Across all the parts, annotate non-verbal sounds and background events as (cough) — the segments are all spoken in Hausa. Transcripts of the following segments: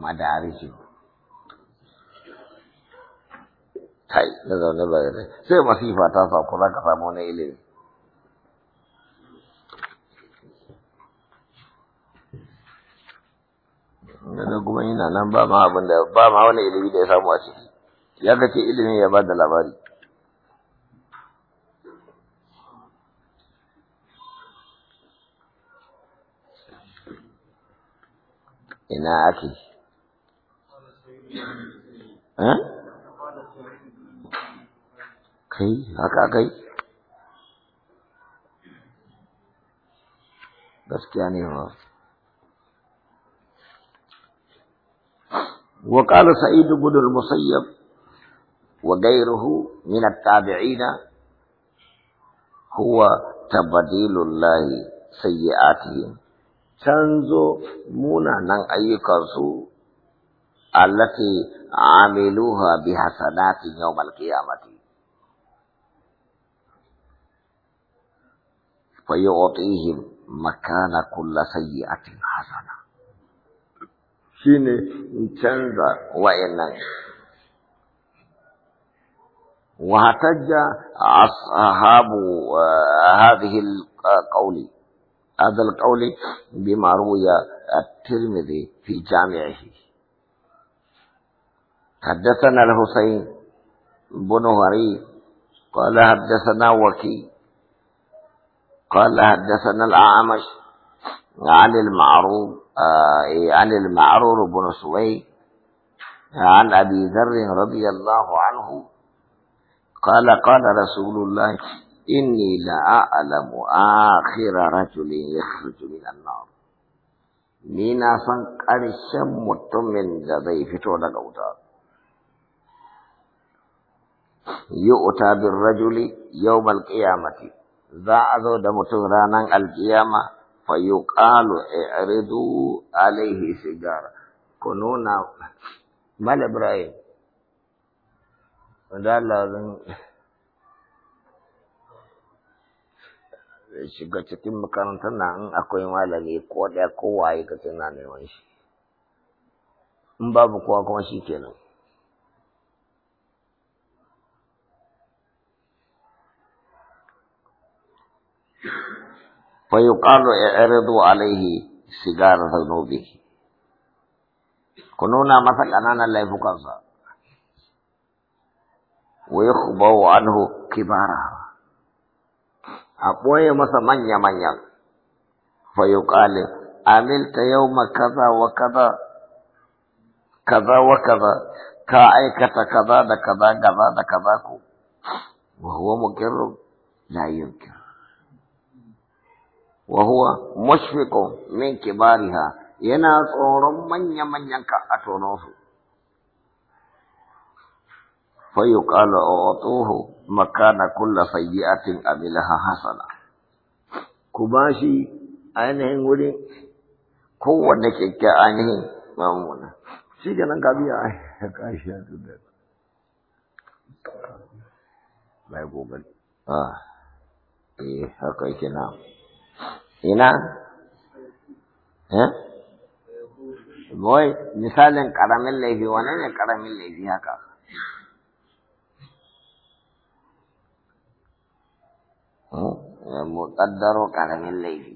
madarisi kai da zaune ba da sai masifa ta sauko za ka samu wani ilimi da kuma yana nan ba ma abin da ba ma wani ilimi da ya samu a ciki ya ga ce ilimi ya ba da labari ina ake eh kai haka kai gaskiya ne ba wa qala sa'id ibn al-musayyib wa ghayruhu min at-tabi'in huwa tabadilul lahi sayyi'atihim canzo munanan ayyukansu التي عملوها بحسنات يوم القيامة فيعطيهم مكان كل سيئة حسنة شيني تنزع وإنك أصحاب آه، هذه القول هذا القول بما روي الترمذي في جامعه حدثنا الحسين بن هري قال حدثنا وكي قال حدثنا الأعمش عن المعروف آه إيه، عن المعرور بن سويد عن أبي ذر رضي الله عنه قال قال رسول الله إني لأعلم آخر رجل يخرج من النار نينا سنقر الشم التمن لدي فتو الأوتار yu'ta bir rajuli yawmal qiyamati za a zo da mutum ranar alkiyama fa yuqalu i'ridu alaihi sigara kununa nuna mal ibrahim wanda Allah shiga cikin makarantar na in akwai malami ko ɗaya kowa waye ka sai neman shi in babu kowa kuma shi kenan فيقال اعرضوا عليه سيجارة ذنوبه كنونا مثل انا لا يفقص ويخبو عنه كبارها أقوي مثلا من يمن فيقال عملت يوم كذا وكذا كذا وكذا كأيكة كذا دا كذا كذا كذا وهو مكر لا ينكر wa huwa mushfiqu min kibariha yana tsoron manya-manyan ka a tono su fa yuqalu utuhu makana kulli sayyi'atin amilaha hasana ku bashi ainihin wurin kowanne kyakkya ainihin mamuna shi ga nan gabi a kashi ya tuda bai gobe ah eh haka yake na ina boy misalin ƙaramin laifi wane ne ƙaramin laifi haka muƙaddaro ƙaramin laifi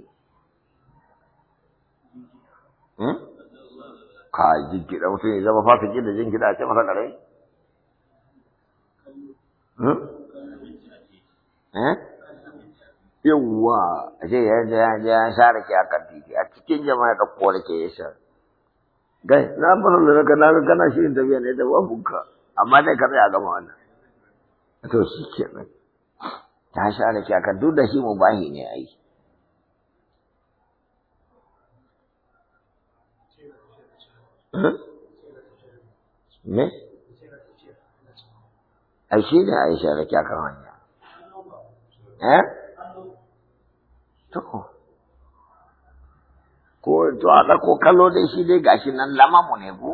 ka jingida mutum ya zama fasiki da jingida a ce masa Eh? yawwa a ce ya ya sha rake a kan titi a cikin jama'a da kowa ke ya sha gai na fara da raka na ga kana shirin tafiya ne da wabunka amma dai ka a gama wannan to shi nan ta sha ki a duk da shi mu bahi ne ai hmm? me ai shi ne a yi sha rake a eh To, ko to a ɗauko kallo dai shi dai gashi nan lamamu ne ku?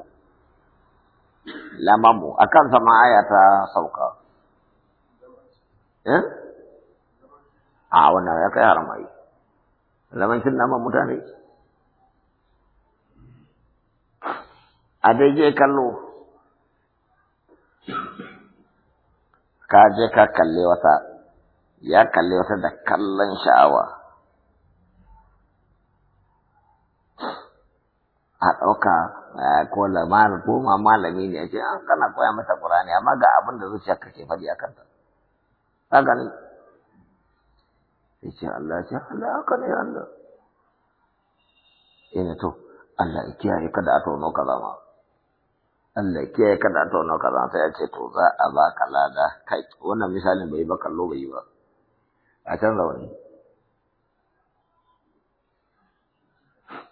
Lamamu, a kan sama aya ta sauka. Eh? A wannan ya kai haramai. shi naman mutane. A dai je kallo. Ka je ka kalle wata, ya kalle wata da kallon sha'awa. a ɗauka eh, ko lamarin ko ma malami ne ce an ah, kana koya mata ƙur'ani amma ga abin da zuciya ke faɗi akan ta haka ne sai ce Allah ce Allah haka ne Allah ina to Allah ya kiyaye kada a tono kaza ma Allah ya kiyaye kada a tono kaza sai ya ce to za a ka lada kai wannan misalin bai ba kallo bai ba a canza wani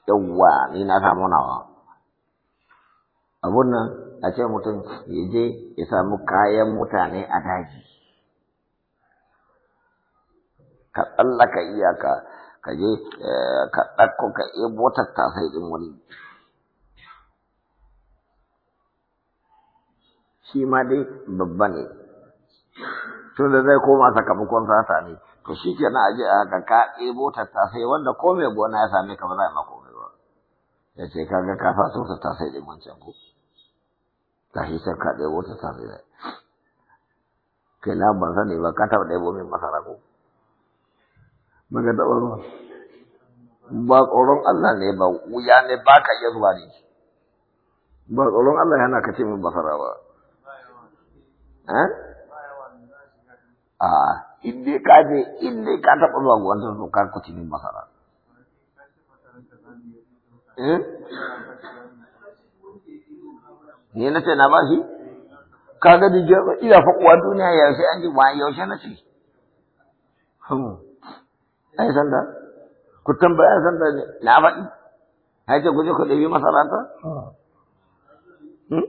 yawwa ni na samu nawa abun nan a ce mutum ya je ya samu kayan mutane a daji ka tsallaka iyaka ka je eh, ka ɗakko ka iya ta tattasai ɗin wani shi ma dai babba ne tun da zai koma sakamakon sata ne to shi ke na ajiya a ka ka ebo tattasai wanda ko mai gona ya same ka ba za a mako ya ce kaga ka fato ta ta sai din wancan ko ta shi sai ka dai ta ta sai ke na ban sani ba ka taɓa ɗebo min masara ko maka da ruwa ba tsoron Allah ne ba wuya ne ba ka iya zuwa ne ba tsoron Allah yana kace min basara ba eh? a in ka je in ka taɓa zuwa wanda to ka kuci min masara Eh? Ni na ce na ba shi? Kaga da jiya ila faƙuwa duniya yaushe an ji ba yaushe na ce. Ai sanda, ku tambaya sanda ne, na faɗi. Ai ce ku je ku ɗabi masaranta? Hmm?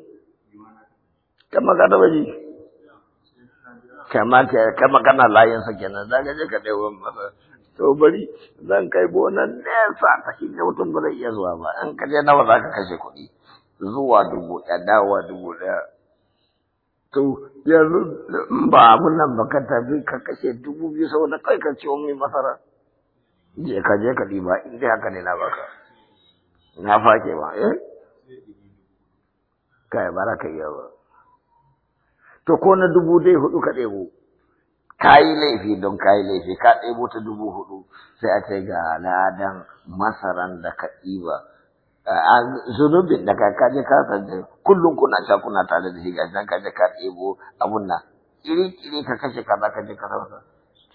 Kama ka taɓa ji. Kama kana layinsa kenan, za ka je ka ɗabi masaranta. to bari zan kai gona nesa ta inda mutum ba zai iya zuwa ba in ka je nawa za ka kashe kuɗi zuwa dubu ɗaya dawowa dubu ɗaya to yanzu ba abun nan ba ka tafi ka kashe dubu biyu saboda kai ka ciwo mai masara je ka je ka ɗiba in dai haka ne na baka na fake ba eh kai bara ka iya ba to ko na dubu dai hudu ka ɗebo ka yi laifi don ka yi laifi ka ɗebo ta dubu hudu sai a ce ga ladan masaran da ka ɗiba a zunubin da ka kaje ka sanje kullum kuna sha kuna tare da shi ga kaje ka ɗebo abun nan iri iri ka kashe ka kaje ka rasa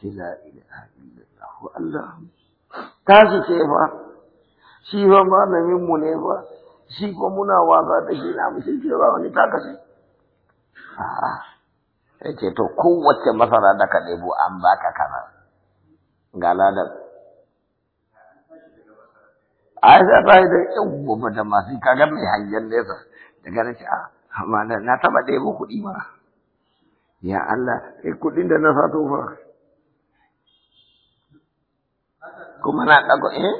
ce la ilaha illallah Allah ta su ce fa shi fa malamin mu ne fa shi ko muna wasa da shi na mu shi ce ba wani ta kashe a'a sai ce to kowace masara da ka ɗebo an baka kana ga ladan a yi zata yi da yan gobe da masu kaga mai hanyar nesa daga ah, na ce a mana na taɓa ɗebo kuɗi ma ya Allah sai eh, kuɗin da na sato fa kuma na ɗago eh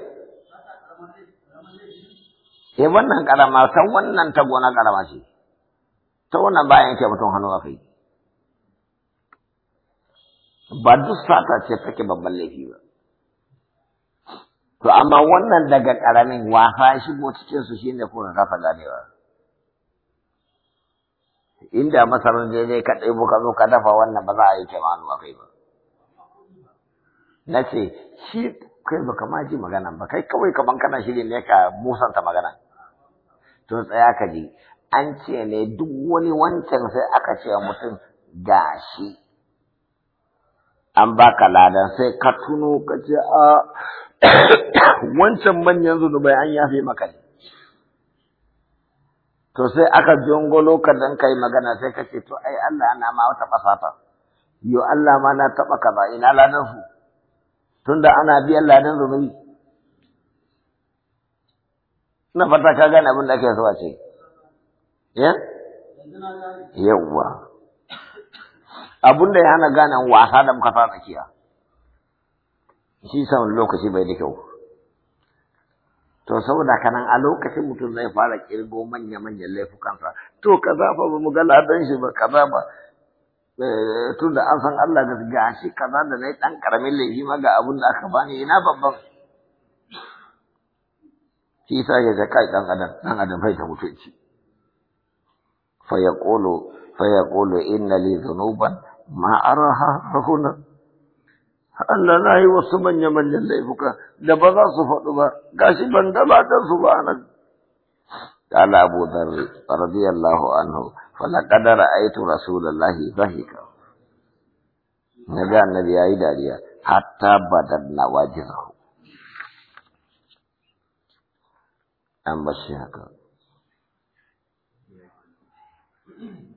eh wannan ƙarama san wannan ta gona ƙarama ce ta wannan bayan ke mutum hannu a kai ba duk sata ce take babban laifi ba to amma wannan daga ƙaramin wafa shigo cikin su shine kuka kafa ganewa inda masarar je ne ka ɗebo ka zo ka dafa wannan ba za a yi kemanu a kai ba na ce shi kai ba ma ji magana ba kai kawai kaman kana shirin ne ka musanta magana to tsaya ka ji an ce ne duk wani wancan sai aka ce mutum gashi an baka ladan sai ka tuno ka ce a (coughs) wancan manyan zunubai an yafe maka ne to sai aka jongolo ka dan kai magana sai ka ce to ai Allah na ma wata fasata yo Allah ma na taba ka ba ina ladan su tunda ana biyan ladan zunubi na fata ka gane abin da ake so a ce ya eh? yawwa Abin da ya hana gane wasa da muka fara kiya shi sa wani lokaci bai da kyau to saboda kanan a lokacin mutum zai fara kirgo manya-manyan laifukansa to kaza fa ba mu ga don shi ba kaza ba eh, tun da an san Allah ga gashi kaza da yi ɗan ƙaramin laifi ma ga abun da aka bani ina babban shi sa ya ga kai ɗan adam ɗan adam fai ta mutunci fa yaqulu fa yaqulu inna li dhunuban ma'araha huna Allah na yi wasu manya-manyan laifuka da ba za su faɗu ba gashi ban da su ba nan قال أبو ذر رضي الله عنه فلقد رأيت رسول الله ضحك نجا النبي أي حتى بدت نواجذه أم بشي